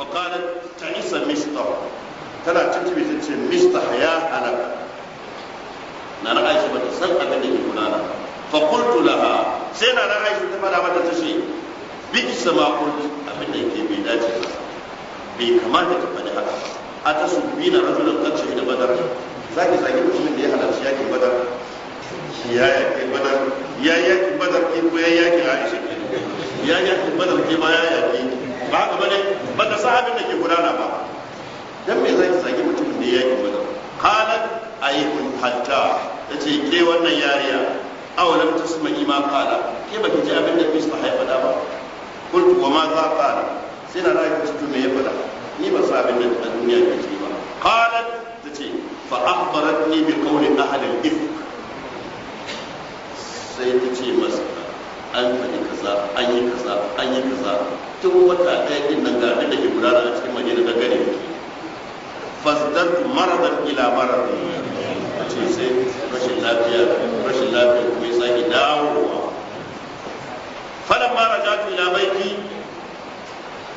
faƙalar ta isa mista tana cikin ta ce mista ya na na aisha bata san abin da ke gudana faƙultu laha sai na aisha ta fada mata ta ce bi isa ma kulti abin da ke bai dace ba bai kamata a ta su bi na rajulun kan badar da ya halarci yakin badar ya ya ke ko ya yakin aisha ya yakin badar ke ma ya yakin ba haka bane ba ta sa da ke gudana ba dan me zaki zagi mutumin da ya yi maka qalat ayyun hatta tace ke wannan yariya awalam tasma'i ma qala ke ba ki ji abin da Musa ya da ba qultu wa ma za qala sai na rayu cikin me ya faɗa ni ba sa abin da duniya ke ce ba qalat tace fa akhbaratni bi qawli ahli al-ifk sai tace masa an faɗi kaza an yi kaza an yi kaza tun wata ɗaya ɗin nan ga abin da ke gudana a cikin madina da gare fasdar maradar ila marar ce sai rashin lafiya rashin lafiya kuma ya sake dawowa falan mara jatu ila baiki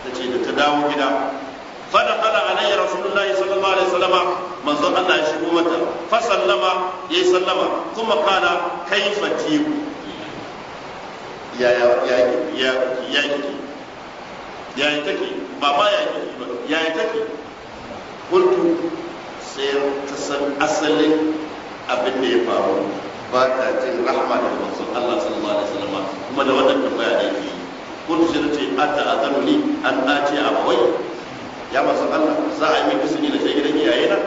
ta ce da ta dawo gida a fada fada alayya rasulullahi sallallahu alaihi wasallama manzo Allah ya shigo mata fa sallama yayi sallama kuma kana kaifa tiku ya ya ya ya ya ya ya take ba ma ya take ba ya ya take kultu sai ta san asalin abin da ya faru ba ta jin rahama da manzon Allah sallallahu alaihi wasallam kuma da wannan tambaya da yake kultu sai ta ata azanu li an ace abawai ya manzon Allah za a yi miki sunni da sai gidan iyayena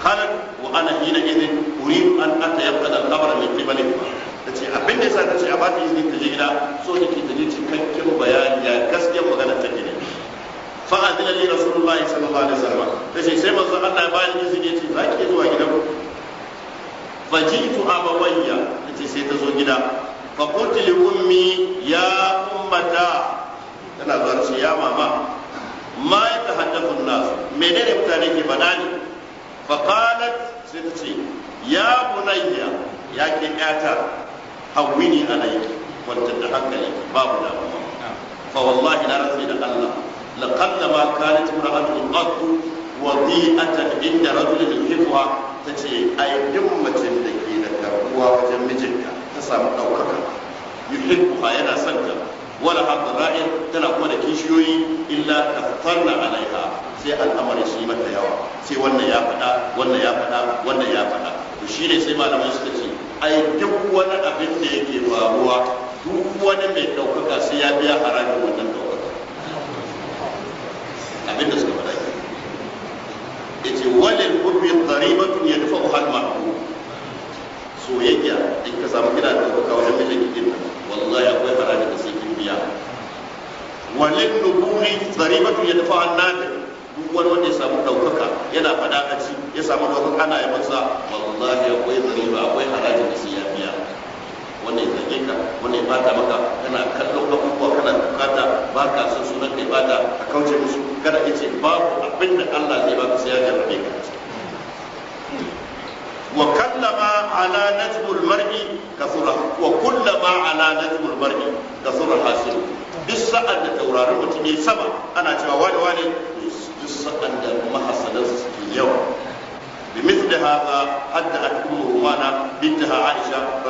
قالت وانا حينئذ اريد ان اتيقن الخبر من قبلكما ta ce abin da yasa ta ce a ba ta izini ta je gida so da ke ta je cikakken bayani ya gaskiyar magana ta gini fa a adina li rasulullahi sallallahu alaihi wasallam ta ce sai manzo Allah ya bani izini ya ce za ki zuwa gidan fajitu abawayya ta ce sai ta zo gida fa qultu li ummi ya ummata tana zuwa ce ya mama ma ya ta tahaddathu nas menene mutane ke faɗa ne fa qalat sai ta ce ya bunayya ya ke ƴata hawwini alayhi wanda da hankali babu damuwa fa wallahi na rantsi da Allah laqad ma kanat imra'atu da wadi'atan inda rajulin yuhibbuha tace ai duk macen da ke da karuwa wajen mijinta ta samu daukaka yuhibbuha yana son ta wala tana kuma da kishiyoyi illa kafarna alaiha sai al'amari shi mata yawa sai wannan ya faɗa wannan ya faɗa wannan ya faɗa to shine sai malamai suka ce ai duk wani abin da yake faruwa duk wani mai ɗaukaka sai ya biya harajin wannan ɗaukaka abin da suka faɗa ya ce walil kurbin zaribatun ya dafa uhal mahku soyayya in ka samu kina da ɗaukaka wajen mijin kiɗin nan wallahi akwai harajin da sai kin biya walil nuburi zaribatun ya dafa annabi duk wani wanda ya samu ɗaukaka yana faɗa a ci ya samu ɗaukaka ana yi masa wallahi akwai zariba akwai harajin da sai ya biya wannan ya zage ka wannan ya bata maka kana kallon abubuwa kana bukata ba ka son sunan kai bata a kauce musu kada ya ce babu abin da Allah zai baka sai ya jarrabe ka wa kallama ala najmul mar'i kasura wa kullama ala najmul mar'i kasura hasil duk sa'an da taurarin mutum ne sama ana cewa wani wani sa'an da mahasadan su suke yawa bi mithli hadha hadda ummu rumana bintaha aisha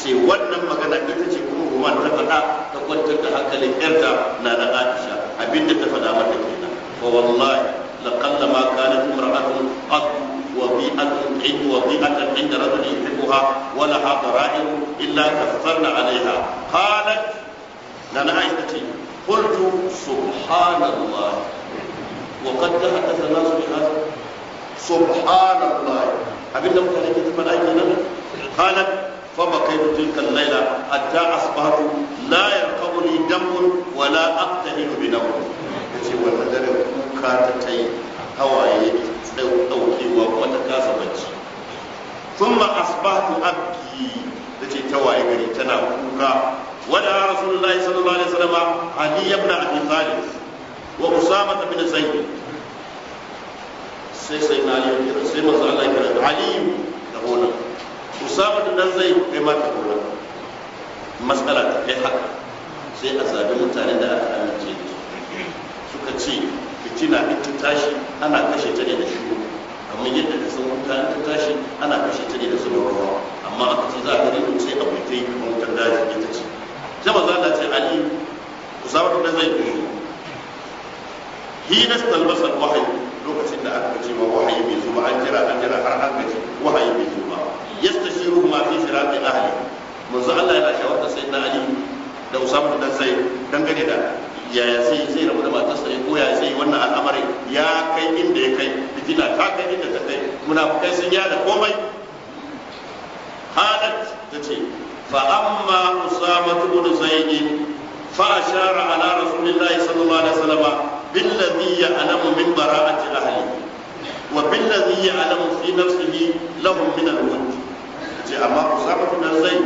ce wannan magana ita ce ummu rumana ta faɗa ta kwantar da hankalin yarta na da aisha abinda ta faɗa mata kenan wa wallahi laqalla ma kanat imra'atun qad وبيئة عند وبيئة عند رجل يحبها ولها ضرائب إلا كفرنا عليها قالت لنا عائشة قلت سبحان الله وقد تحدث الناس بهذا سبحان الله abin da mutane ke tafa aiki nan qalat fa bakaytu tilka al-layla hatta asbahtu la yarqabuni damun wa la aqtahinu bi nawm yace wannan dare kuka ta tai hawaye daukewa kuma ta kasa bacci thumma asbahtu abki tace tawaye gari tana kuka ودعا رسول الله صلى الله عليه وسلم علي بن ابي طالب واسامه بن زيد sai sai na yi kira sai manzo Allah ya kira aliyu da gona usama da dan zai kai ma ta gona matsala ta kai haka sai a zabi mutane da aka amince da suka ce fitina ita tashi ana kashe ta ne da shigo kamar yadda ka san wuta ta tashi ana kashe ta ne da zubarwa amma aka ce za a gari sai a kai ta daji ita ce sai za ta ce ali ku usama yi zaid hina talbasa wahayi lokacin da aka ce wa wahayi bai zuba an jira an kira har an gaji wahayi bai zuba yastashiru ma fi shirati ahli manzo Allah yana sai sayyidina ali da usama da zai dangane da yaya sai sai rabu da matarsa ya koya sai wannan al'amari ya kai inda ya kai fitina ta kai inda ta kai munafukai sun yada komai halat ta ce فأما أسامة بن زيد فأشار على رسول الله صلى الله عليه وسلم بالذي يعلم من براءة أهله وبالذي يعلم في نفسه لهم من الوجه أما أسامة بن زيد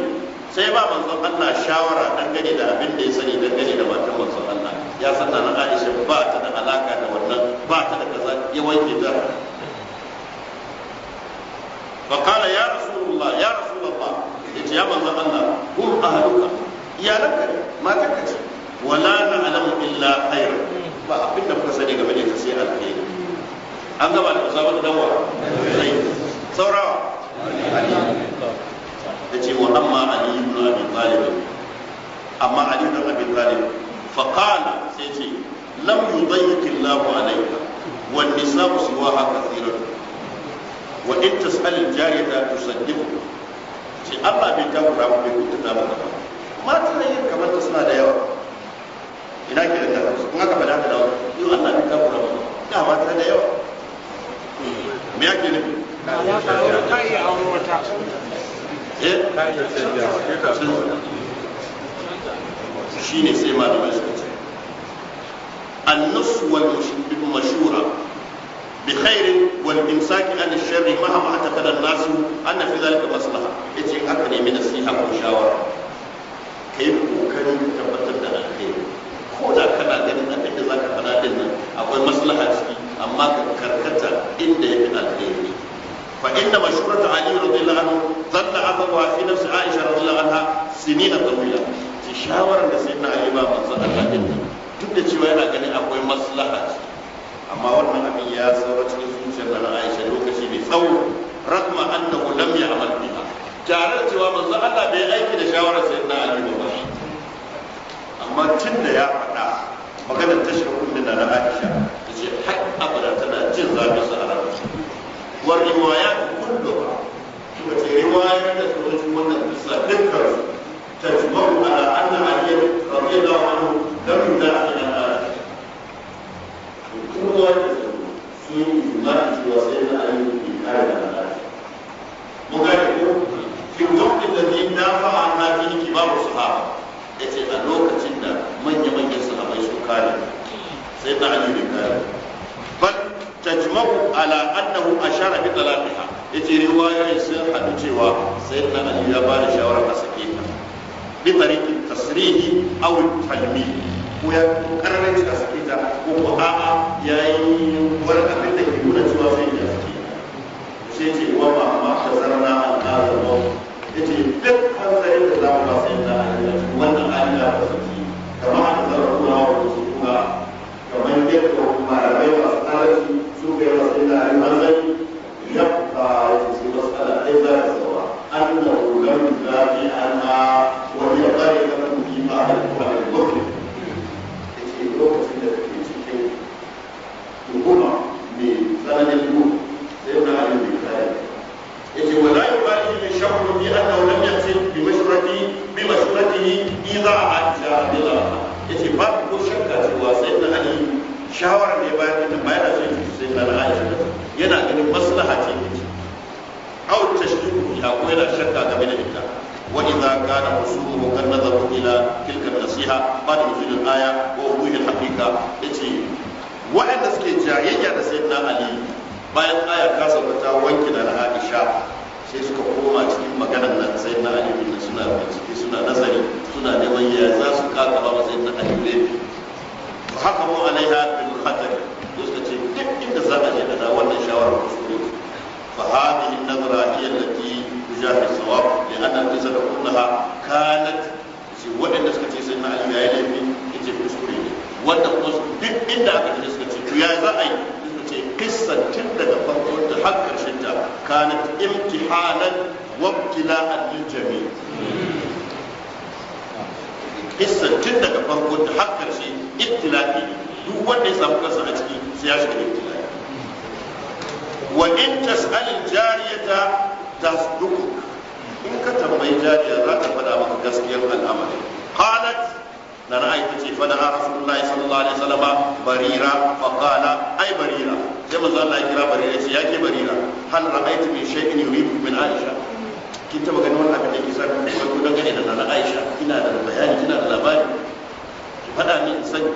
sai ba manzon Allah shawara dangane da abin da ya sani dangane da matan manzon Allah ya san na Aisha ba ta da alaka da wannan ba ta da kaza ya wanke ta ya yace ya manzo Allah hum ahaduka iyalanka ne matarka ce wala alamu illa khair ba abin da muka sani game da ita sai alheri an gaba da usama da dawa sai saurawa yace wa amma ali ibn abi talib amma ali ibn abi talib fa qala sai ce lam yudayyiq Allahu alayka wan nisa'u siwaha kathiran wa in tas'al al-jariyata tusaddiqu shi Allah bai takura mu bai kutunta mu ba mata ne yin kamar ta suna da yawa ina ke da kaza kun aka fada da dawo yau Allah bai takura mu da mata da yawa me yake nufi ka iya aure wata eh ka shine sai malamai suka ce النص والمشورة بخير والامساك عن الشر مهما اعتقد الناس ان في ذلك مصلحه يجي haka من الصحه والشاور كيف kokari ka tabbatar da alheri ko da kana ganin abin da zaka fada din nan akwai maslaha ciki amma ka karkata inda yake alheri fa inna mashkurata ali radiyallahu anhu zanna abawa fi nafsi aisha radiyallahu anha sinina tawila shawaran da sayyidina ali ba manzo Allah din duk da cewa yana ganin akwai maslaha amma wannan abin ya tsoro cikin zuciyar da Aisha lokaci mai tsawo rakma annahu lam ya'mal biha tare da cewa manzo Allah bai aiki da shawarar na Ali ba amma tun da ya faɗa maganar tashar kundin na Aisha ta ce har abada tana jin zafin sa a rabu wa riwaya kulluha kuma ce riwaya da sojojin wannan kisa dukkan تجمع على أن علي رضي الله Dan da يدع إلى kuma sun yi imani cewa sai na an yi kare da alaƙa mun gane ko fi wakil da ni na fa'a na fi ni kibaru sahaba ya ce a lokacin da manya-manyan sahabai su kare sai na an yi kare bal tajma'u ala annahu ashara bi talaqiha yace riwayoyin sun hadu cewa sayyidina ali ya ba da shawara a sake ta bi tariqin tasrihi aw talmih ko ya fito ta suka sake ta ko ko a'a ya yi wani abin da ke nuna cewa zai iya sake sai ce wa ba ma ta zarna an ƙara ba ya ce duk hanzarin da za mu ba sai da an wannan an yi da sake kamar an zarra kuma wa wasu kuma kamar yadda malamai masu su kai wasu da an hanzari ya ba ya ce sai wasu ala ɗaya za ka zawa an da rular zafi ana wani ya ƙare kan kuma ba a yi kuma da hukuma mai tsananin duhu sai na alim bai kare ba wala yubali min shakku bi annahu lam yati bi mashrati bi mashratihi idha aja bila yace ba ko shakka cewa sai na alim shawara ne bayar da bayar da sai na aisha yana ganin maslaha ce أو التشكيك بها وإلى شكا من الإبداع وإذا كان وصوله قد نظروا إلى تلك النصيحة قد يفيد ko ووضوح الحقيقة التي waɗanda suke jayayya da sai na ali bayan aya ta sabu ta wanki da aisha sai suka koma cikin maganar nan sai na ali ne suna bincike suna nazari suna neman ya za su kaka ba sai na ali ne haka mu alaiha bin hadar su ka ce duk inda za a je da na wannan shawara ku shuru fa hadhihi nazara ya allati bijahi sawab li anna tisara kunnaha kanat shi waɗanda suka ce sai na ali ya yi laifi ke kuskure wanda kuma duk inda aka ji suka ce to ya za a yi suka ce kissan tun daga farko ta har karshen ta kanat imtihanan wa ibtila'an lil jami' kissan tun daga farko ta har karshe ibtila'i duk wanda ya samu kansa a ciki sai ya shiga ibtila'i wa in tas'al jariyata tasduku in ka tambayi jariya za ta faɗa maka gaskiyar al'amari qalat na ra'ayi ta ce fada a rasulullahi sallallahu alaihi wasallam barira fa qala ai barira sai manzo Allah ya kira barira sai yake barira hal ra'aytu min shay'in yuribu min aisha kin taba ganin wannan abin da ke sa ku dan gane da nana aisha kina da bayani kina da labari ki fada min sani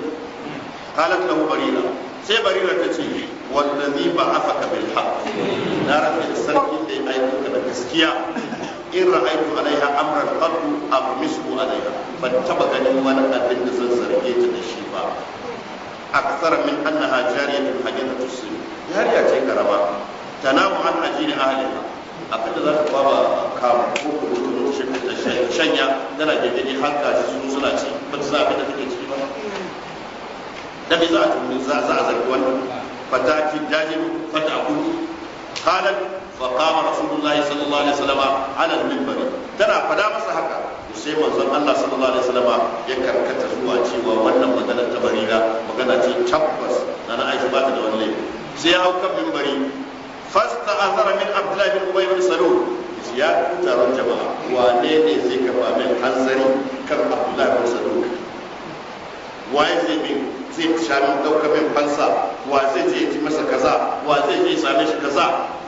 qalat lahu barira sai barira ta ce wallazi ba'athaka bil haqq na rafi sarki da ya aika da gaskiya in ra'aytu alaiha amran qattu amisku alaiha ban taba ganin wani abin da zan zarge ta da shi ba akthar min annaha jariyatun hadithatu sin yariya ce karama tanamu an ajini ahliha abin da zaka baba kamu ko ko to shi ta shanya tana gidani haka su suna ci ba ta sa abin da take ciki ba da bi za a za a zargi wannan fata ki dajiru fata akuni halan fa qama rasulullahi sallallahu alaihi wasallam ala al-minbari tana fada masa haka sai manzon Allah sallallahu alaihi wasallam ya karkata zuwa cewa wannan magana ta barira magana ce tabbas na Aisha ba ta da wani sai ya hau kan minbari fasta azara min Abdullahi bin Ubay bin Salul ya taron jama'a wane ne zai kafa min hanzari kan Abdullahi bin Salul waye zai min zai sha min dauka min fansa wa zai je ya ji masa kaza wa zai je ya same shi kaza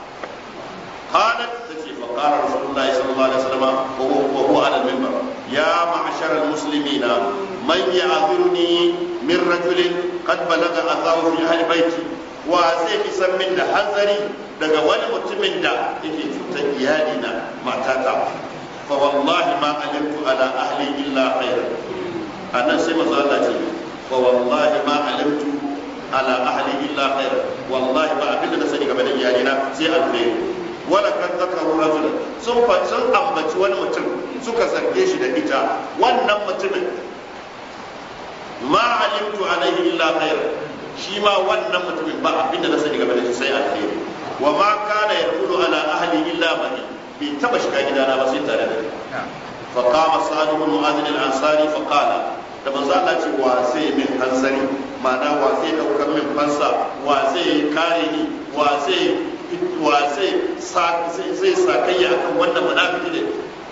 قالت تجي فقال رسول الله صلى الله عليه وسلم وهو على المنبر يا معشر المسلمين من يعذرني من رجل قد بلغ أثاه في أهل بيتي وأزيك سمين ده حذري daga wani mutumin da yake cutar iyalina matata fa wallahi ma alimtu ala ahli illa khaira anan sai manzo Allah ce fa wallahi ma alimtu ala ahli illa khaira wallahi ba abinda na sani wala kan zakaru rajulan sun sun ambaci wani mutum suka zarge shi da ita wannan mutumin ma alimtu alaihi illa khair shi ma wannan mutumin ba abinda na sani game da shi sai alheri wa ma kana yaqulu ala ahli illa mani bi taba shiga gidana ba sai tare da ni fa qama sa'd ibn mu'adh al-ansari fa qala da manzo Allah ce wa sai min hanzari ma'ana wa sai daukar min fansa wa sai kare ni wa sai. wa zai zai sakayya akan wannan munafiki ne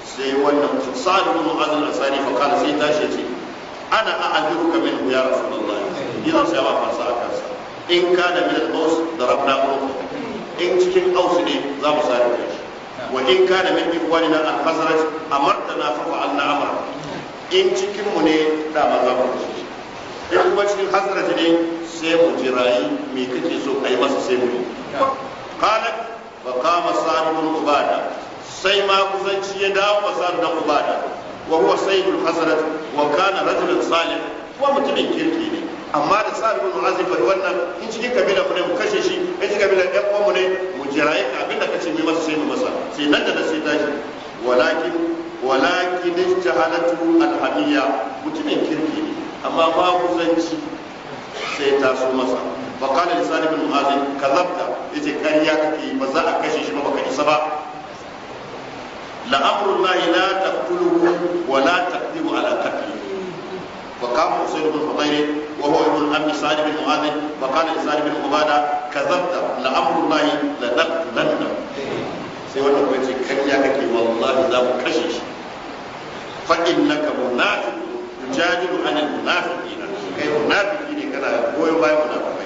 sai wannan saadu ibn mu'adh al-ansari fa kana sai tashi ce ana a'aduka min ya rasulullah yana sai ba farsa akan sa in kana min al-aus darabna ruhu in cikin aus ne za mu sare shi wa in kana min ikwanina al-khazraj amartana fa fa'alna amra in cikin mu ne da ma za mu in kuma cikin khazraj ne sai mu jirayi me kake so kai masa sai mu yi قالت fa qama بن عبادة ubada sai ma kusanci ya بن عبادة وهو سيد ubada wa رجل صالح hasanat wa mutumin amma da sa'd bin azib bai wannan in cikin kabila mu ne mu kashe shi in cikin kabila ɗan uwan mu ne mu jiraye ka abinda kace mai masa sai mu masa sai nan da sai tashi walakin walakin jahalatu alhamiyya mutumin kirki amma ba zanci sai taso masa wa qala li sa'd ibn mu'adh kadzabta yace ƙarya kake ba za a kashe shi ba baka isa ba la amru la la taqtuluhu wa la taqdimu ala qatlihi وقام حسين بن حضير وهو ابن عم سعد بن معاذ وقال لسعد بن عباده كذبت لامر الله لنقتلنه sai wannan kuma ce kariya kake wallahi za mu kashe shi fa innaka munafiq tujadilu anil munafiqina kai munafiki ne kana goyon bayan munafiki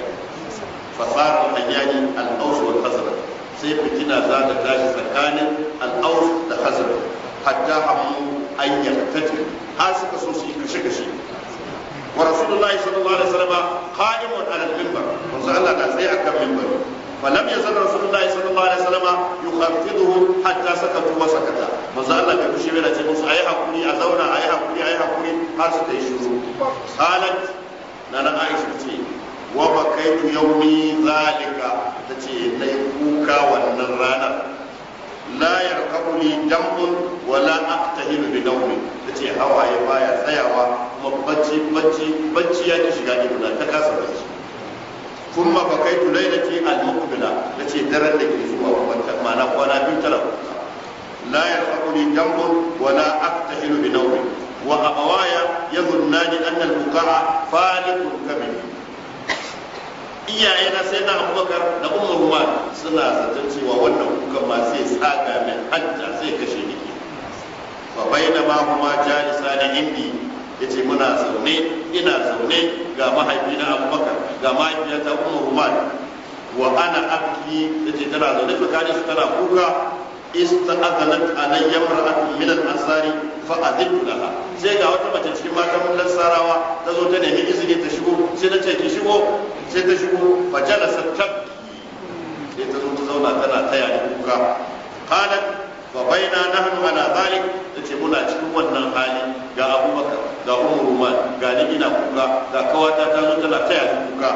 fasara hanyani al-aus wal khazraj sai fitina za ta tashi tsakanin al-aus da khazraj hatta hamu an yartaji har suka so su yi kashe kashe wa rasulullahi sallallahu alaihi wasallam da فلم يزل رسول الله صلى الله عليه وسلم يخفضه حتى سكتوا وسكتا من زال الله بيقول شبيرة تيموس أي حقوني أزونا أي حقوني أي حقوني هارس تيشوه قالت نانا عائشة wa bakaitu yaumi zalika na yi kuka wannan ranar la yarqabuni damun wala aqtahilu bi ta ce hawaye baya tsayawa kuma bacci bacci bacci ya ki shiga idona ta kasa bacci kuma bakaitu lailati al-muqbila ce daren da ke zuwa wannan ma'ana kwana biyu tara la yarqabuni damun wala aqtahilu bi nawmi wa abawaya yadhunnani anna al-bukaa faliqun kabir iyaye na sai na abubakar da umar ruwa suna zaton cewa wannan kukan ma sai tsaga min hajja sai kashe niki babai da ma kuma jalisa da indi ce muna zaune ina zaune ga na abubakar ga ta umar ruwa wa ana abki ce tana zaune tsakanin su tana kuka ista'azanat alayya mar'atun min al-ansari fa adibtu laha sai ga wata mace cikin matan lansarawa ta zo ta nemi izini ta shigo sai ta ce ki shigo sai ta shigo fa jalasat tab sai ta zo ta zauna tana taya ni kuka qalat fa baina nahnu ala zalik tace muna cikin wannan hali ga abubakar ga umar ga ni ina kuka ga kawata ta zo tana taya ni kuka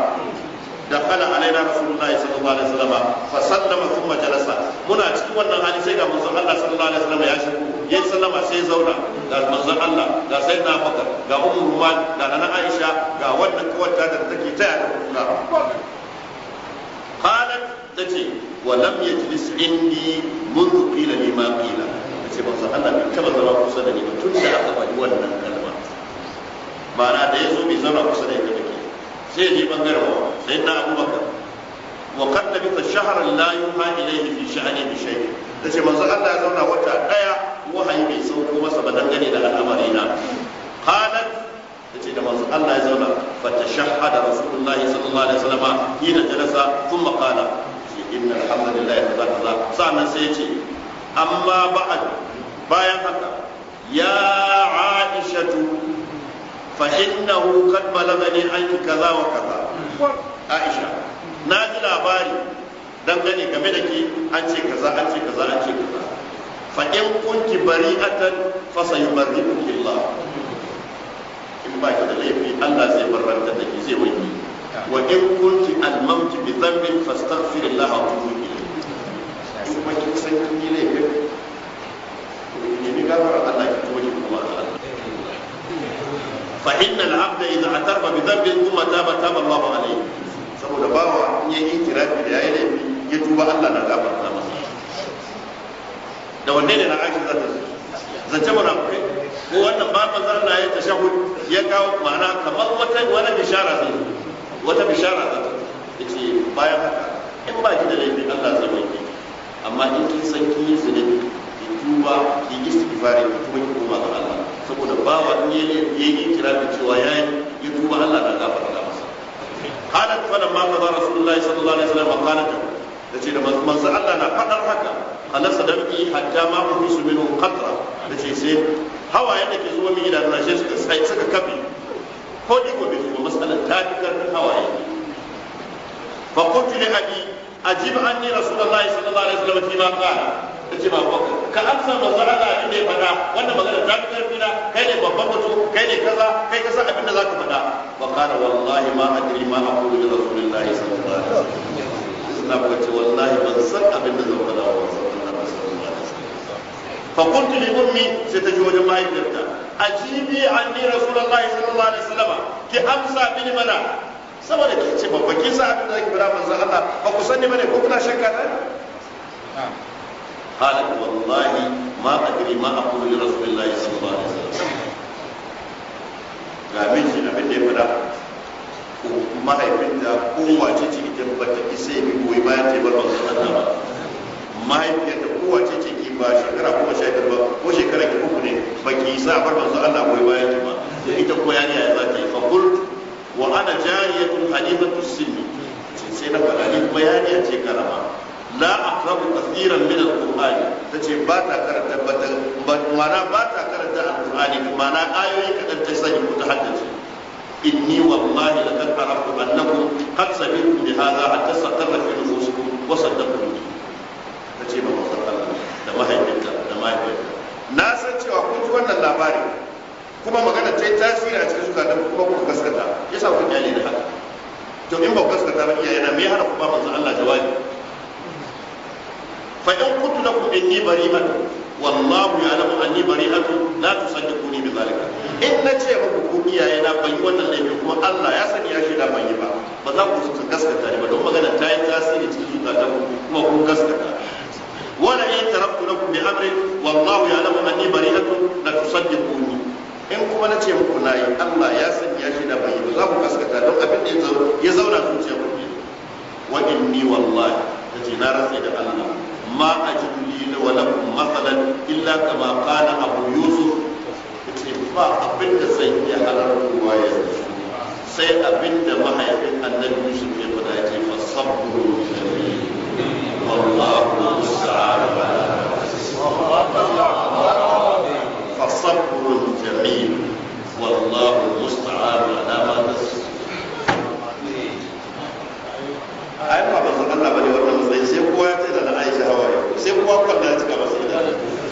دخل علينا رسول الله صلى الله عليه وسلم فسلم ثم جلس منا cikin wannan hali sai ga manzon Allah sallallahu alaihi wasallam ya shigo yayin sallama sai zauna ga manzon Allah ga sayyidina Abubakar ga ummu Ruman ga nana Aisha ga wannan kawarta da take taya da kula qalat tace wa lam yajlis indi منذ قيل لي ما قيل tace manzon Allah bai taba zama kusa da ni ba tun da aka faɗi wannan kalma ma'ana da yazo bai zama kusa da ni ba sai ne bangaren sayyidina abubakar wa qad labita shahran la yuha ilayhi fi sha'ni bi shay'in tace manzo Allah ya zauna wata daya wahayi bai sauko masa ba dangane da al'amari na qalat da manzo Allah ya zauna fa tashahhada rasulullahi sallallahu alaihi wasallam hina jalasa thumma qala inna alhamdulillahi kaza kaza sannan sai yace amma ba'ad bayan haka ya aishatu fa innahu qad balagani anki kaza wa kaza aisha na ji labari dangane game da ke an ce kaza an ce kaza an ce kaza fa in kunki bari'atan fa sayubarri'uki Allah in ba ki da laifi Allah zai barranta da ki zai wani wa in kunti almamti bi dhanbin fastaghfirullah wa tubu a kuma kin san kin yi laifin ne ni gafara Allah ki tuba ki kuma Allah fa inna al-abda idha atarba bi ba thumma ba taba Allah alayhi saboda bawa in yi kirafi da yayi laifi ya tuba Allah na da masa da wanne ne na aiki zata ta zance mana kai ko wannan ba manzo Allah ya shahu ya kawo ma'ana kamar wata wani bishara zai wata bishara zai yace bayan haka in ba ki da laifi Allah zai wanke amma in kin san kin yi zunubi ki tuba ki yi istighfari ki kuma ki koma ga Allah saboda bawa in yayi yayi kira da cewa yayi ya tuba Allah na gafara qalat falamma qada rasulullahi sallallahu alaihi wasallam qalat tace da manzo Allah na fadar haka khalasa dam'i hatta ma uhisu minhu qatra tace sai hawayen da ke zuwa min idan rashe suka sai suka kafe ko ni ko bai zuwa masalan ta fi karfin hawaye fa qultu li abi ajib anni alaihi ma ka ce ba ka amsa manzo Allah abin da ya faɗa wannan magana ta fi karfi na kai ne babban mutum kai ne kaza kai ka abin da ka faɗa fa wallahi ma adri ma aqulu li rasulillahi sallallahu alaihi wasallam ina ce wallahi ban san abin da zan faɗa wa fa qultu li ummi sai ta ji wajen mahaifiyarta ajibi anni rasulullahi sallallahu alaihi wasallam ki amsa mini mana saboda ki ce babban kisa abin da zaki faɗa manzo Allah ba ku sani bane ko kuna shakka ne قالت والله ما أدري ما أقول لرسول الله صلى الله عليه وسلم ga Na abin da ya fada mahaifinta ko wace ce ita ba ta isa ya goyi bayan ta yi barbar sanata ba mahaifiyarta ko wace ce ki ba shekara kuma sha biyar ba ko shekara ki uku ne ba ki sa barbar Allah goyi bayan ta ba ita ko ya ya za ta yi fa qult wa ana jariyatun hadithatu sinni sai na fada ni kuma yariya ce karama تحفظ كثيرا من القرآن تجي باتا معنى باتا كرت القرآن معنى كتن تسجل متحدث إني والله لقد عرفت أنكم قد سمعتم بهذا حتى استقر في نفوسكم به ما na san cewa kun ji wannan labari kuma magana ta yi tasiri a cikin zukatan kuma kuka gaskata yasa kun kyale da haka in ba gaskata ba iyaye ba jawabi فإن in لكم إني inni والله يعلم أني anni لا تصدقوني بذلك إن zalika in na ce muku ku iyaye na يا yi wannan laifi kuma Allah ya sani ya shaida ban yi ba ba za ku su gaskata ni ba don بأمر ta يعلم أني cikin لا kuma in kuma na ce muku na Allah ya sani ya shi da yi ba za ku kaskata don abin da ya zauna zuciya ku ne wa inni wallahi ta ce na rantsa da Allah ما أجد لي ولكم مثلا إلا كما قال أبو يوسف فا أبن سيدي على الرواية سي أبن محي النبي يوسف يبدأ فصبر والله المستعان فصبر جميل والله المستعان على ما نسي أي أيوة، ما بزغلنا بلي ورنا مزيزي قواتي hawaye sai kuma kwanta ya cika masa ida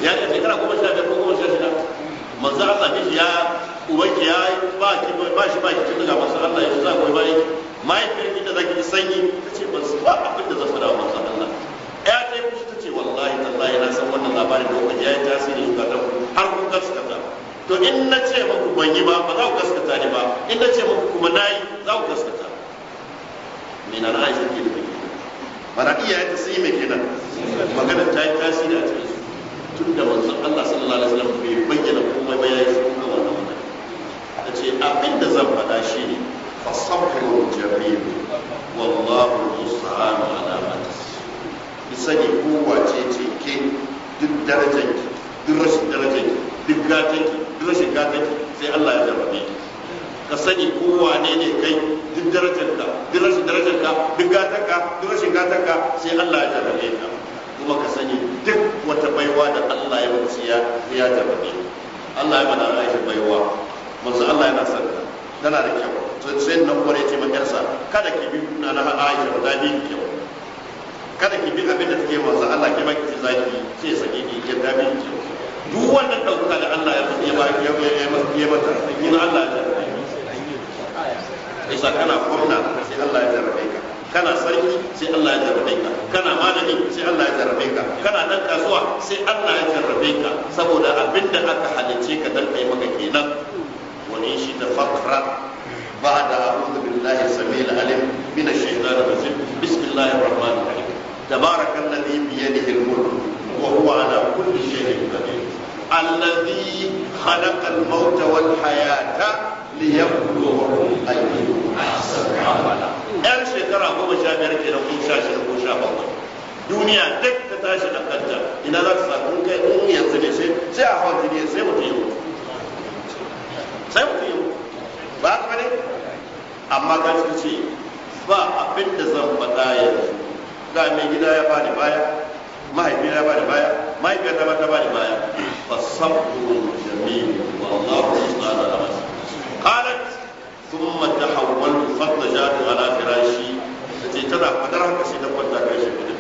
ya ce shekara goma sha biyar ko goma sha shida manzo Allah ne ya ubanki ya ba ki ba shi ba ki tun daga masa Allah ya za ku bai da zaki sanyi ta ce ban ba abin da zan faɗa wa manzo Allah ya ta yi ta ce wallahi tallahi yana san wannan labarin da ubanki ya yi tasiri ga dan har kun gaskata to in na ce muku ban yi ba ba za ku gaskata ni ba in na ce muku kuma nayi za ku gaskata me na mana iyayen sun yi mai kenan magana ta yi tasiri a cikin tun da wanzu Allah sallallahu alaihi wasallam bai bayyana komai ba yayin sun ga wannan ta ce abin da zan faɗa shi ne fa sabru jarir wallahu musta'an ala ma bisani ko wace ce ke duk darajar ki duk rashin darajar ki duk gatan ki duk rashin gatan ki sai Allah ya jarrabe ki ka sani ko wane ne kai duk ka duk rashin ka duk ka duk rashin ka sai Allah ya jarrabe ka kuma ka sani duk wata baiwa da Allah ya wuce ya ya jarrabe Allah ya mana aisha baiwa manzo Allah yana ka tana da kyau to sai nan kware ce sa kada ki bi na na aisha da bi kyau kada ki bi abin da take manzo Allah ke baki ki zaki sai sake ki ya ta bi kyau duk wannan dauka da Allah ya ba ya ya ya in Allah ya isa kana gwamna sai Allah ya jarrabe ka kana sarki sai Allah ya jarrabe ka kana malami sai Allah ya jarrabe ka kana dan kasuwa sai Allah ya jarrabe ka saboda abinda aka halice ka dan kai maka kenan wani shi da fakra بعد أعوذ بالله السميع العليم من الشيطان الرجيم الذي خلق الموت والحياة ليبلوكم أيكم أحسن عملا ‘yan shekara goma sha da ko ko sha duniya duk ta tashi da ina za ta samu kai in yanzu ne sai a yi sai yi ba haka zan yanzu mai gida ya bani baya mahaifi na bada baya mahaifi ta bada bada baya fa sabru jamil wallahu ta'ala alim qalat thumma tahawwalu fadjat ala firashi tace tana fadar haka sai ta kwanta kai shi kudin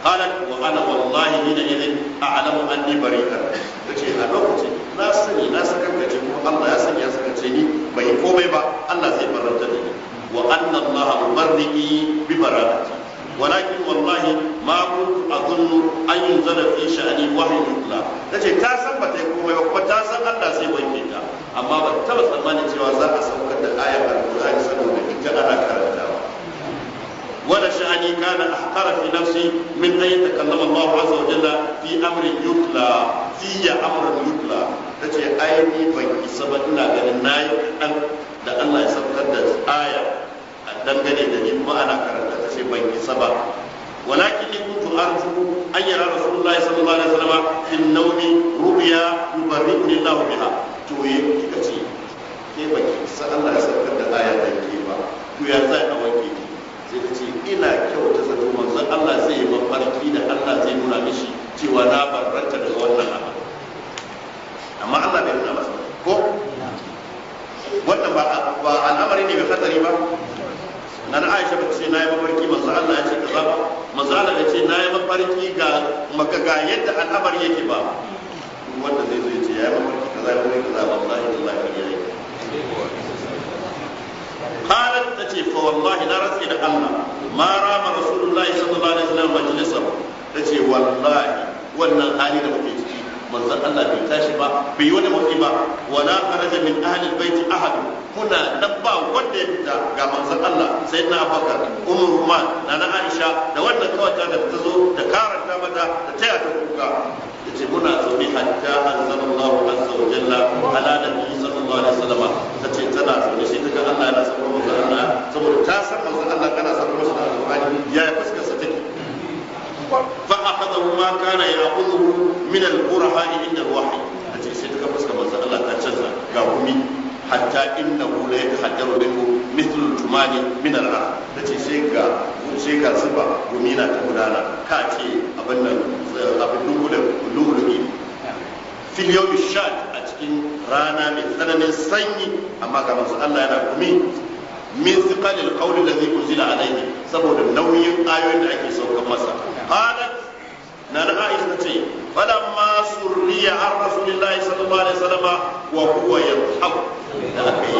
qalat wa ana wallahi ni idin a'lamu anni bari'a tace a lokacin na sani na sakankace ko Allah ya sani ya sakankace ni bai komai ba Allah zai faranta ni wa anna Allah mubarri'i bi bara'ati walakin wallahi ma kuntu azunnu an yunzala fi sha'ani wahyu yutla tace ta san ba ta yi komai ba kuma ta san Allah sai wanke ta amma ba ta taba tsammanin cewa za a saukar da ayar alqur'ani saboda ita ana karanta ولا شأني كان أحقر في نفسي من أن يتكلم الله عز وجل في أمر يتلى في أمر يتلى تجي آية بنك سبا إلا قال الناية da Allah ya saukar da aya dangane da in ma'ana karanta ta ce ban isa ba walakin in kuntu arju an yara rasulullah sallallahu alaihi wasallam fil nawmi rubiya yubarrikuni Allah biha to yi kika ce ke ba isa sa Allah ya saukar da aya da ke ba to ya zai a wanke ki sai ta ce ina kyauta zato manzon Allah zai yi mafarki da Allah zai nuna mishi cewa na barranta daga wannan abu amma Allah bai nuna masa ko wannan ba al'amari ne mai hatsari ba na Aisha ba ce nayi mafarki manzo Allah ya ce kaza ba manzo Allah ya ce nayi mafarki ga maka ga yadda al'amar yake ba wanda zai zo ya ce yayi mafarki kaza ya mafarki kaza wallahi Allah ya yi قالت تتي فوالله لا رسي الله ما رام رسول الله صلى الله عليه وسلم ta ce والله wannan hali da muke ciki manzon Allah bai tashi ba bai yi wani motsi ba wala kharaja min ahli albayt ahad kuna nan ba wanda ya fita ga manzon Allah sai na Abubakar Umar Umar na na Aisha da wannan kawata da ta zo da karanta mata ta taya ta kuka yace muna zaune hatta anzalallahu azza wa jalla ala nabi sallallahu alaihi wasallam tace tana zaune sai ta ga Allah yana sabon manzon Allah saboda ta san manzon Allah kana sabon masa da alƙur'ani ya fuskar sa fa akhadahu ma kana ya'udhu min al-qurha inda al-wahyi ace sai daga fuskar manzo Allah ta canza ga gumi hatta innahu la yatahaddaru bihi mithlu tumani min al-ra ace sai ga sai ga zuba gumi na ta gudana ka ce abin nan abin dukule lulubi fil yawmi shad a cikin rana mai tsananin sanyi amma ga manzo Allah yana gumi min thiqal al-qawl alladhi unzila alayhi saboda nauyin ayoyin da ake sauka masa قالت نرى عائشة فلما سري عن رسول الله صلى الله عليه وسلم وهو يضحك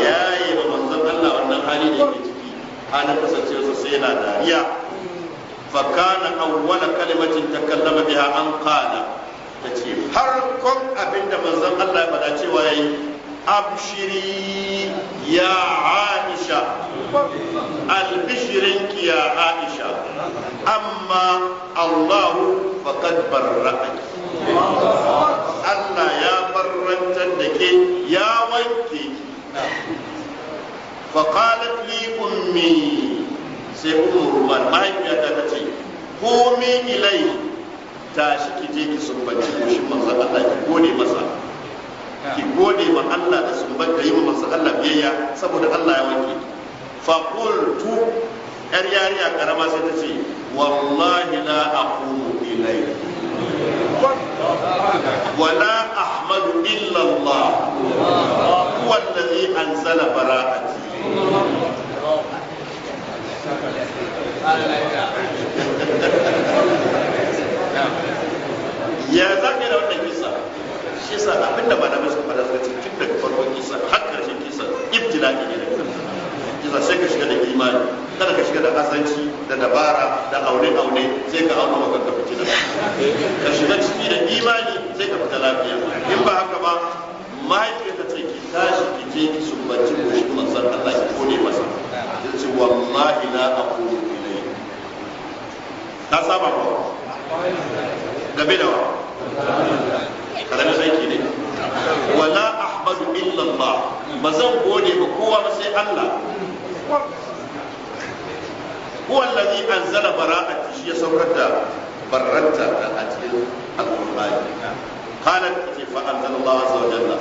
يا يا من زن الله wannan hali da yake ciki halin داريا فكان أول كلمة تكلم بها أن قال تجيب هر كم أبين من زن الله بدا cewa yayi abshiri ya aisha albishirinki ya aisha amma allahu faqad barra'aki Allah ya barrantar da ke ya wanke faqalat li ummi sai ummu ruwan mahaifiyata ta ce komi ilai tashi ki je ki sumbaci koshin manzon Allah ki gode masa ki gode ma Allah da sumban ta yi masu Allah biyayya saboda Allah ya wanke fa qultu yar yariya karama sai ta ce wallahi la aqulu wala ahmadu illa Allah huwa alladhi anzala bara'ati Allah kisa abinda malamai suka fara suka ce tun daga farkon kisa har karshen kisa ibtila ne kisa sai ka shiga da imani kada ka shiga da asanci da dabara da aure aure sai ka auna maka ka fitina ka shiga ciki da imani sai ka fita lafiya in ba haka ba mahaifiyar ta ce ki tashi ki je ki sumbanci ko shi manzon Allah ki kone masa ta ce wallahi la aqulu ilayhi ta saba ko gabe da wa karamin aiki ne wala ahmadu illallah ba zan gode ba kowa ba sai Allah huwa allazi anzala a shi ya saukar da barranta a cikin alqur'ani ce fa anzala Allah azza wa jalla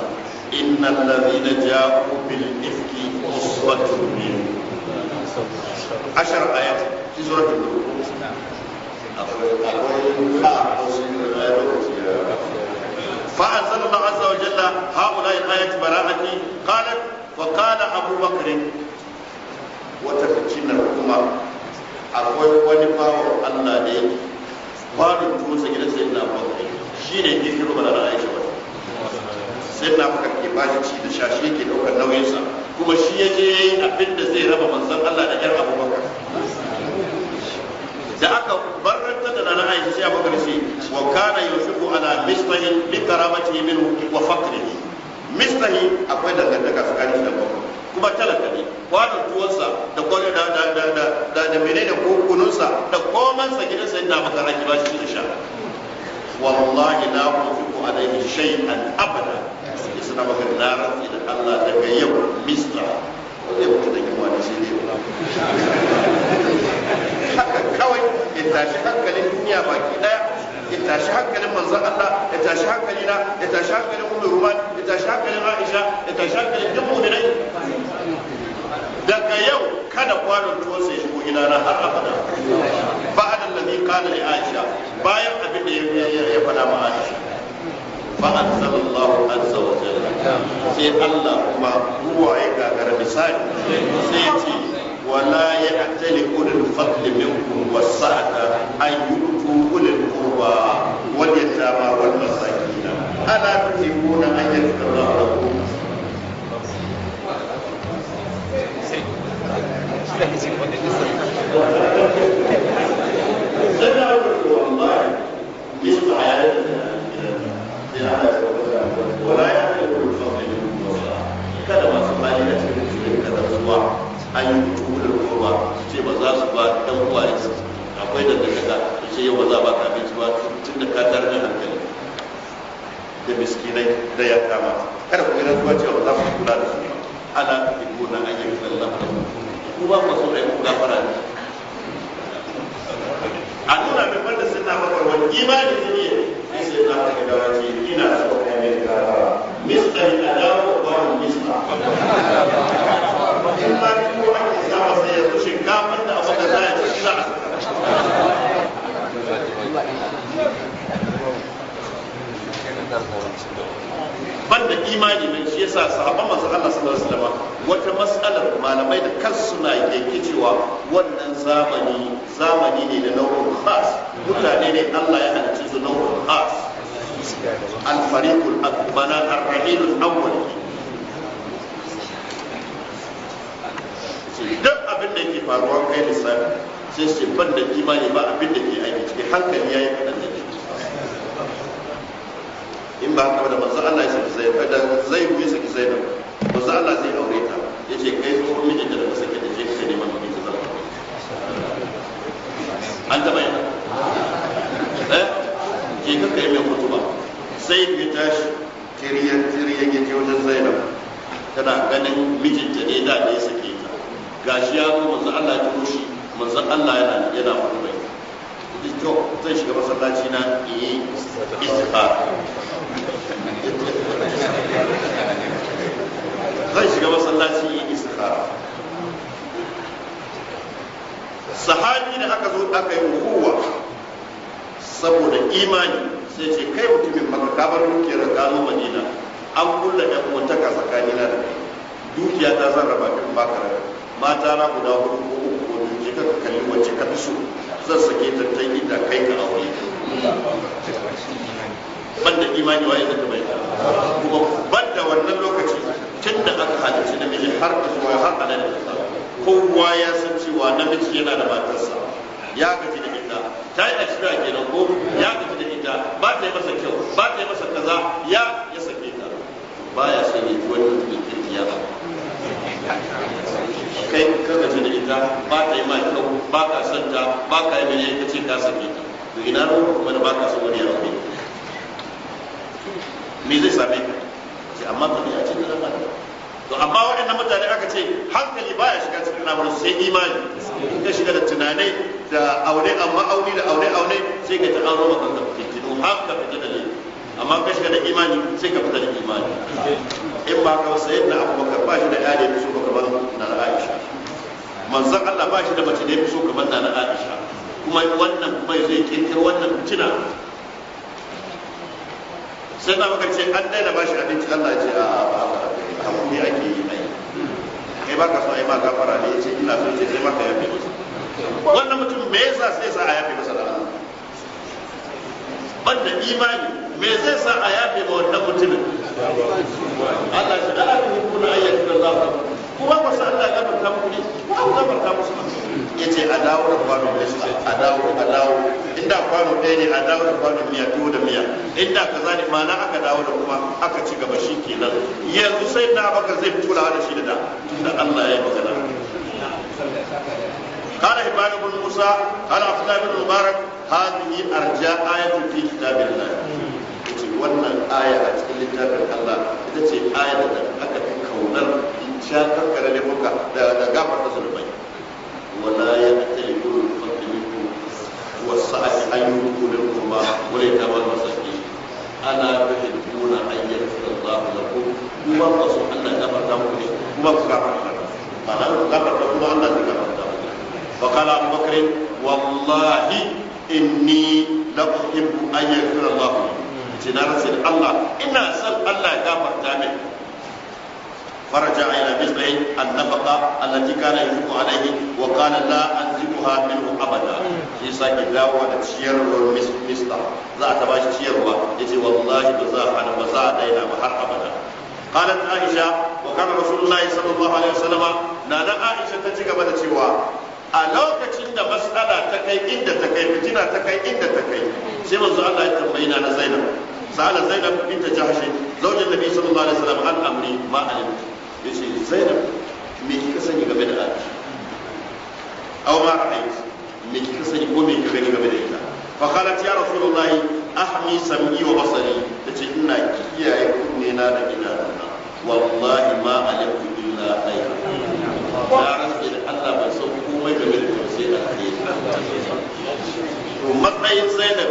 إن الذين جاءوا بالإفك أسوة منكم عشر آيات في سورة النور فأنزل الله عز وجل هؤلاء الآية براءتي قالت فقال أبو بكر وتفكين الحكومة akwai wani bawon Allah ne barin tusa gidan sai na bakwai shi ne gifiru ba da Aisha ba sai na ke ba shi da sha shi yake daukar nauyinsa kuma shi ya je yayi abin zai raba manzon Allah da yar Abubakar da aka na na aisha sai abubakar ce wa kana yunfiqu ala mistahi li karamatihi minhu wa akwai dangantaka tsakanin da kuma talaka ne kwanon tuwonsa da kwanon da da da da da da mene da kokununsa da komansa gidansa yana maka raki ba shi da sha wallahi la unfiqu alayhi shay'an abada sai na na rantsi Allah daga haka kawai ya tashi hankalin duniya baki daya ya tashi hankalin manzon Allah ya tashi hankalina ya tashi hankalin Ummu Ruman ya tashi hankalin Aisha ya tashi hankalin duk mu'minai daga yau kada kwanon tuwo sai shigo gidana har abada ba'da allazi qala li Aisha bayan abin da ya faɗa ma Aisha فأنزل الله عز وجل سي الله ما هو يقدر مثال سيتي ولا يأتل أولي الفضل منكم والسعة أن يؤتوا أولي القربى واليتامى والمساكين ألا تحبون أن يغفر الله لكم ولا الفضل منكم an yi mutumul ruwa su ce ba za su ba dan uwaye su akwai dangantaka su ce yau ba za ba ka abinci ba tun da ka tarar hankali da miskinai da ya kama kada ku gina zuwa cewa za ku kula da su ne ana ibu na an yi sallah da ku ba ku so da ku gafara ne a nuna mai banda sun na bakwai wani imani sun yi sai sai na ta gida wace ina so kai mai gafara misali a dawo ba mu mista in ma ni ko ake sa masa yanzu shinkafar da abu da za a ci za banda imani nan shi yasa sahabban manzo Allah sallallahu alaihi wasallam wata mas'alar malamai da kansu suna yanke cewa wannan zamani zamani ne da nau'in khas mutane ne Allah ya halicce su nau'in khas al-fariqul akbar al-rahilul awwal ce duk abin da ke faruwa kai lissafi sai ce ban da imani ba abin da ke aiki ciki hankali ya yi kaɗan da ke in ba haka da manzo Allah ya saki zai da zai yi saki zai da manzo Allah zai aure ta yace kai zo ko mijinta da saki da je ka neman miji ta zama an taɓa yana eh ke ka kai mai kutuba sai ya tashi tiriyan tiriyan ya je wajen Zainab tana ganin mijinta ne da ne saki gashi ya zo manzo Allah ya turo shi manzo Allah yana yana kurbai to zai shiga masallaci na yi istighfar zai shiga masallaci yi istighfar sahabi da aka zo aka yi ruwa saboda imani sai ce kai mutumin maka kabar muke raka zo madina an kulla ɗan uwantaka tsakanina da kai dukiya ta zarraba in baka raka mata na guda hudu ko uku ko biyu je ka kalli wacce ka fi so zan sake ta ta inda kai ka aure banda imani waye zaka bai kuma da wannan lokaci tun da aka da namiji har da zuwa har nan kowa ya san cewa namiji yana da matarsa ya gaji da ita ta yi ashira kenan ko ya gaji da ita ba ta yi masa kyau ba ta yi masa kaza ya ya sake ta Ba ya son yi wani ya ba ta ba ta yi mai kyau ba ka son ta ba ka yi mene ka ce ka sake ta to ina ruwa kuma da ba ka son wani ya ne me zai same ka ce amma ta ne a cikin ta to amma waɗannan mutane aka ce hankali baya shiga cikin lamarin sai imani in ka shiga da tunanai da aure amma aure da aure aure sai ka ta aure maka da fitinu haka ka da ne amma ka shiga da imani sai ka fita da imani in ba ka wasu yadda abubakar ba shi da yare su baka ba na ra'ayi shi manzan Allah ba shi da mace da ya fi so kamar na na Aisha kuma wannan mai zai kirkir wannan fitina sai na maka ce an daina ba shi abinci Allah ce a ba abu ne ake yi ai kai ba ka so ai ma gafara ne ya ce ina so ce sai maka yafe masa wannan mutum me yasa sai sa a yafe masa da Allah banda imani me zai sa a yafe ma wannan mutumin Allah shi ala ta yi kuna ayyar da Allah kuma ba sa Allah gafarta muku ne ko an gafarta musu ya ce a dawo da kwano da shi a dawo a dawo inda kwano ɗaya ne a dawo da kwano miya biyu da miya inda ka zani ma na aka dawo da kuma aka ci gaba shi kenan yanzu sai na baka zai tura da shi da da Allah ya yi magana قال هبان بن موسى قال عبد الله بن hadhihi arja ayatu fi kitabillah ce wannan aya a cikin littafin Allah ita ce aya da aka fi kaunar in sha karkare ne muka da da gafarta zulmai wala ya'tali kullu fadlikum wasa'ati ayyukum lil qurba wal yatama wal masakin ana tuhibbuna an yaghfira lakum kuma ba su Allah kuma kuma أبو بكر والله inni la uhibbu an yaghfir Allah na rasul Allah ina san Allah ya gafarta min faraja ila bisrin annabaqa allati kana yuqu alayhi wa qala la anzibuha min abada shi sa ke dawo da ciyarwar mista za ta bashi ciyarwa yace wallahi ba za hana ba za daina ba har abada قالت عائشة وكان رسول الله صلى الله عليه وسلم نادى عائشة تجيك بدأت a lokacin da mas'ala ta kai inda ta kai fitina ta kai inda ta kai sai manzo Allah ya tambayi na Zainab sa'ala Zainab binta Jahsh zaujin Nabi sallallahu alaihi wasallam an amri ma alim yace Zainab me kika sani game da Aisha aw ma ra'ayt me kika sani ko me kika gani game da ita fa qalat ya rasulullahi ahmi sam'i wa basari tace ina kiyaye kunne na da idanuna wallahi ma alimtu illa khayra to matsayin zainab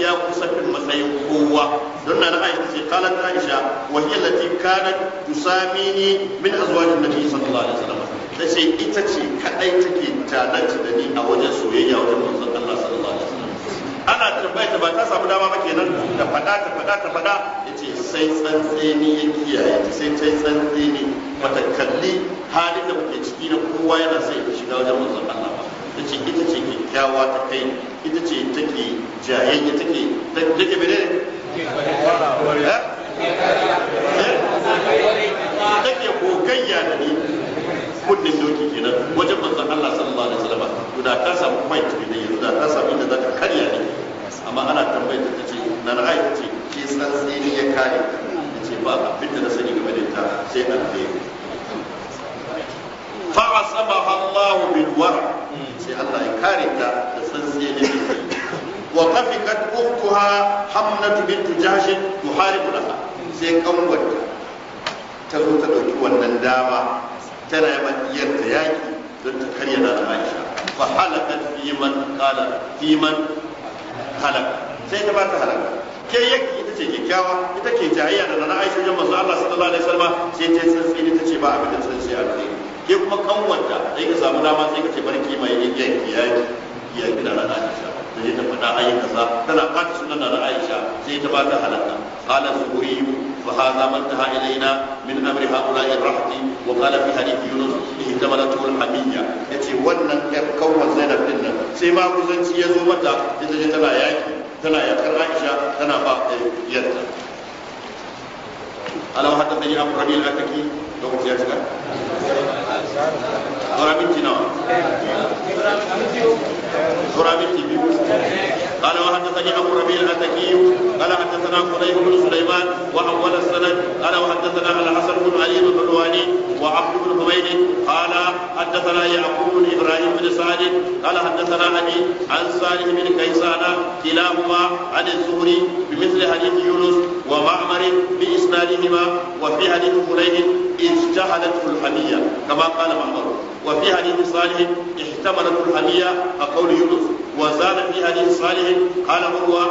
ya kusa fin matsayin kowa don na aisha ce kalan aisha wa hiya lati kanat tusamini min azwajin nabi sallallahu alaihi wasallam ta ce ita ce kadai take tanaci da ni a wajen soyayya wajen manzon Allah sallallahu alaihi wasallam ana tambaya ta ba ta samu dama ba kenan ta fada ta fada ta fada yace sai tsantseni ya kiyaye ta sai sai tsantseni mata kalli halin da muke ciki na kowa yana sai ya shiga wajen manzon Allah ta ce ita ce kyakkyawa ta kai ita ce ke jayayya take ke mene eh? eh? ta ke kokayya da ni kudin doki kenan wajen manzon Allah sallallahu alaihi wasallam to da ka samu point ne yanzu da ka samu inda zaka karya ne amma ana tambayar ta ce nan ai ce ke san ne ya kare ta ce ba abin da na sani game da ta sai an fa asaba Allah bil wara sai Allah ya kare ta da tsantsiye ne wa qafiqat ukhtuha hamnatu bint jahsh tuharibu laha sai ta zo ta dauki wannan dama tana yaba yaki don ta karya Aisha fa halakat fi man qala fi man halaka sai ta ba ta halaka ke yaki ita ce kyakkyawa ita ke jayayya da na Aisha wajen manzo Allah sallallahu alaihi wasallam sai ta tsantsiye ta ce ba abin da tsantsiye alheri ke kuma kanwanta sai ka samu dama sai ka ce bari kima ya yi yanki ya yi ya yi da rana aisha ta je ta faɗa ayi kaza tana fata sunan na aisha sai ta ba ta halatta قال الزهري فهذا ما انتهى الينا من امر هؤلاء الرهط وقال في حديث يونس اهتملته الحميه يتي wannan yar kawwan zainab din nan sai ma kuzanci ya zo mata ta je tana yaki tana yakar aisha tana ba eh, yarta alam hadathani abu rabi'al ataki lokaci ya cika saura minti nawa saura minti biyu قال وحدثني ابو ربيع الاتكي قال حدثنا قريب بن سليمان واول السند قال وحدثنا الحسن بن علي الحلواني وعبد بن حميد قال حدثنا يعقوب بن ابراهيم بن سعد قال حدثنا ابي عن صالح بن كيسان كلاهما عن الزهري بمثل حديث يونس ومعمر باسنادهما وفي حديث فليح اجتهدت الحميه كما قال معمر وفي حديث صالح احتملت الحمية كقول يونس وزاد في حديث صالح قال وهو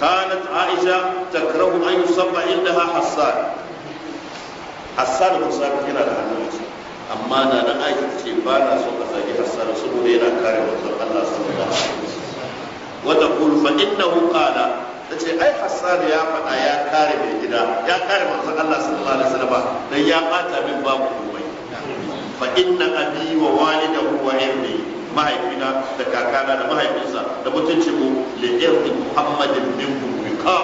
كانت عائشة تكره أن يصب عندها حسان حسان بن ثابت هنا amma na na aiki ce ba na so ka zagi hassan saboda yana kare wanzan Allah sallallahu alaihi wasallam wata kulu fa innahu qala tace ai hassan ya faɗa ya kare mai gida ya kare wanzan Allah sallallahu alaihi wasallam dan ya bata min babu fa inna abi wa walidahu wa ibni mahaifina da kakana da mahaifinsa da mutuncin mu li irdi muhammadin minkum wiqa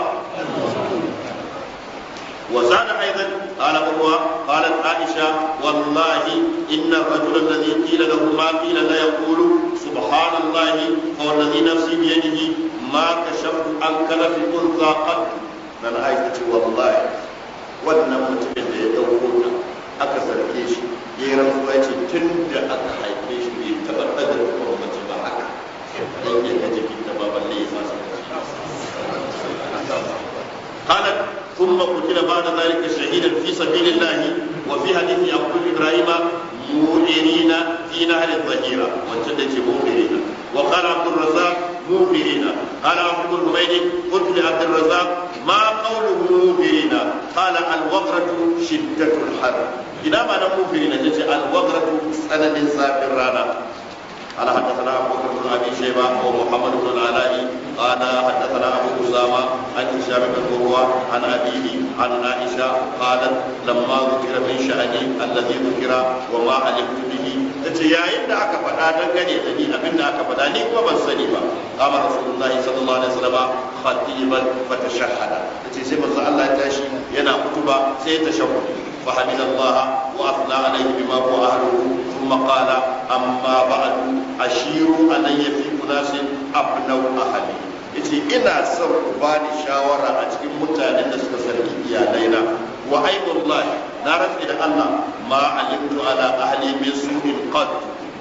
وزاد ايضا قال هو قالت عائشه والله ان الرجل الذي قيل له ما قيل لا يقول سبحان الله نفسي بيده ما كشفت قط من عائشه والله wannan mutumin da ya aka zarge shi ya yi rantsuwa ce tun da aka haife shi bai taɓa ɗaga ruwan mace ba haka don ya ga jikin da ba balle ya sa su kashi قالت ثم قتل بعد ذلك شهيدا في سبيل الله وفي حديث يقول إبراهيم مؤمنين في نهر الظهيرة وجدت مؤمنين وقال عبد الرزاق مؤمنين قال عبد الحميد قلت لعبد الرزاق ما قوله مؤمنين قال الوقرة شدة الحر إلى معنى مؤمنين الوقرة سند سافرانا قال حدثنا ابو بكر بن ابي شيبه ومحمد بن العلاء قال حدثنا ابو اسامه عن هشام بن عروه عن ابيه عن عائشه قالت لما ذكر من شاني الذي ذكر وما علمت به tace yayin da aka faɗa dangane da ni abin da aka faɗa ni kuma ban sani ba kama rasulullahi sallallahu alaihi wasallam khatiban fatashahada tace sai manzo Allah ta shi, yana ba sai ya tashahhud فحمد الله وأثنى عليه بما هو أهله ثم قال أما بعد أشيروا علي في أناس أبنوا أهلي yace ina son bani shawara a cikin mutanen da suka sarki iyalaina wa aibullahi na rantsi da Allah ma alimtu ala ahli min su'in qad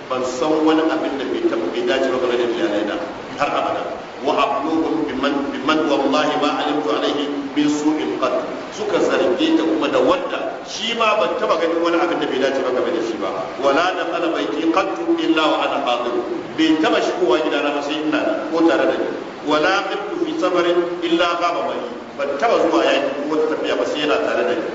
ban san wani abin da bai tabbata dace ba game da iyalaina har abada وأبلوهم بمن بمن والله ما علمت عليه من سوء قط suka zarge ta kuma da wanda shi ban taba ganin wani abin da bai dace ba game da shi ba wala da kana bai illa wa ana hadir bai taba shigowa gida na sai ina ko tare da ni wala qattu fi sabarin illa qaba mali ban taba zuwa yaki ko tafiya ba sai yana tare da ni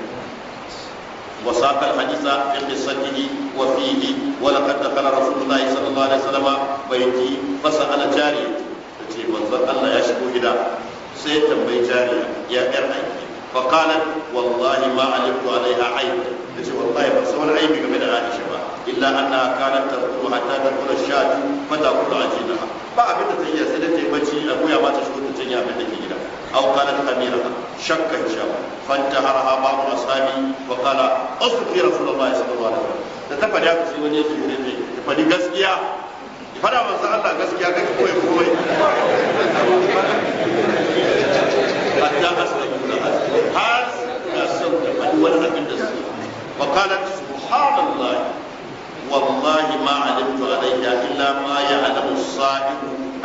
وساق الحديث في قصته وفيه ولقد دخل رسول الله صلى الله عليه وسلم بيتي فسأل جاريتي ta ce manzon Allah ya shigo gida sai tambayi jariya ya yar aiki faqalat wallahi ma alimtu alaiha aib ta ce wallahi ba san aibi game da Aisha ba illa anna kanat tadkhulu hatta tadkhula shatu fata kullu ajinaha ba abin da ta yi sai da ta yi a goya ma ta shigo ta canja abin da ke gida أو قالت أميرها شكا شابا فانتهرها بعض أصحابي وقال أصدق يا رسول الله صلى الله عليه وسلم تتفعل يا كسي وني في يريد تفعل قسكيا fada manzo Allah gaskiya kai koyi komai hatta aslamuna har da sun da faɗi wani abin da su wa qalat subhanallah wallahi ma alimtu alayya illa ma ya'lamu as-sa'id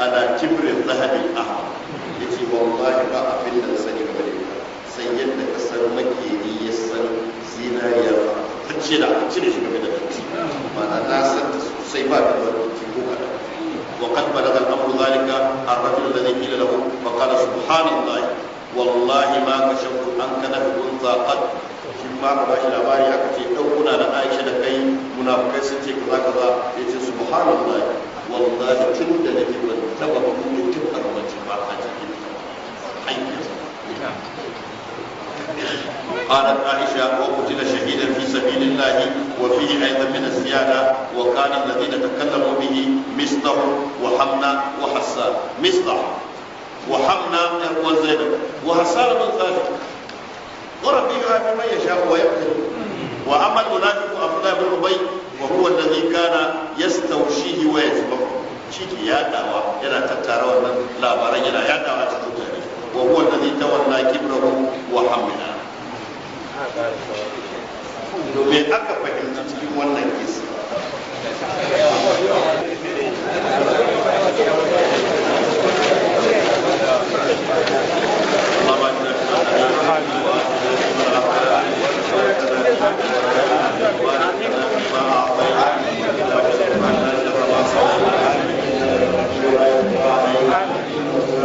ala kibri dhahab al-ahmar yace wallahi ba abin da sani bane sai yadda kasar makeri ya san zinariya ba duk shida shida shi game da danci ma'ana na san ta sosai ba da barbanci ko kaɗan وقد بلغ الامر ذلك الرجل الذي قيل له فقال سبحان الله والله ما كشفت عنك نفي انثى قد ma ka bashi labari aka ce ɗaukuna da aisha da kai munafukai sun ce kaza kaza ya ce subhanallah wallahi tun da nake ban taba mutum tun a ba a cikin aikin قالت عائشة وقتل شهيدا في سبيل الله وفيه أيضا من الزيادة وكان الذين تكلموا به مصدر وحمنا وحسان مصدر وحمنا وزينب وحسان من ذلك وربيها بمن يشاء ويقتل وأما المنافق عبد الله بن أبي وهو الذي كان يستوشيه ويتبعه شيكي يا دعوة يا تتارى لا بارين يا دعوة تتوتر وهو الذي تولى كبره وحملها me aka fahimci cikin wannan kisa Amin.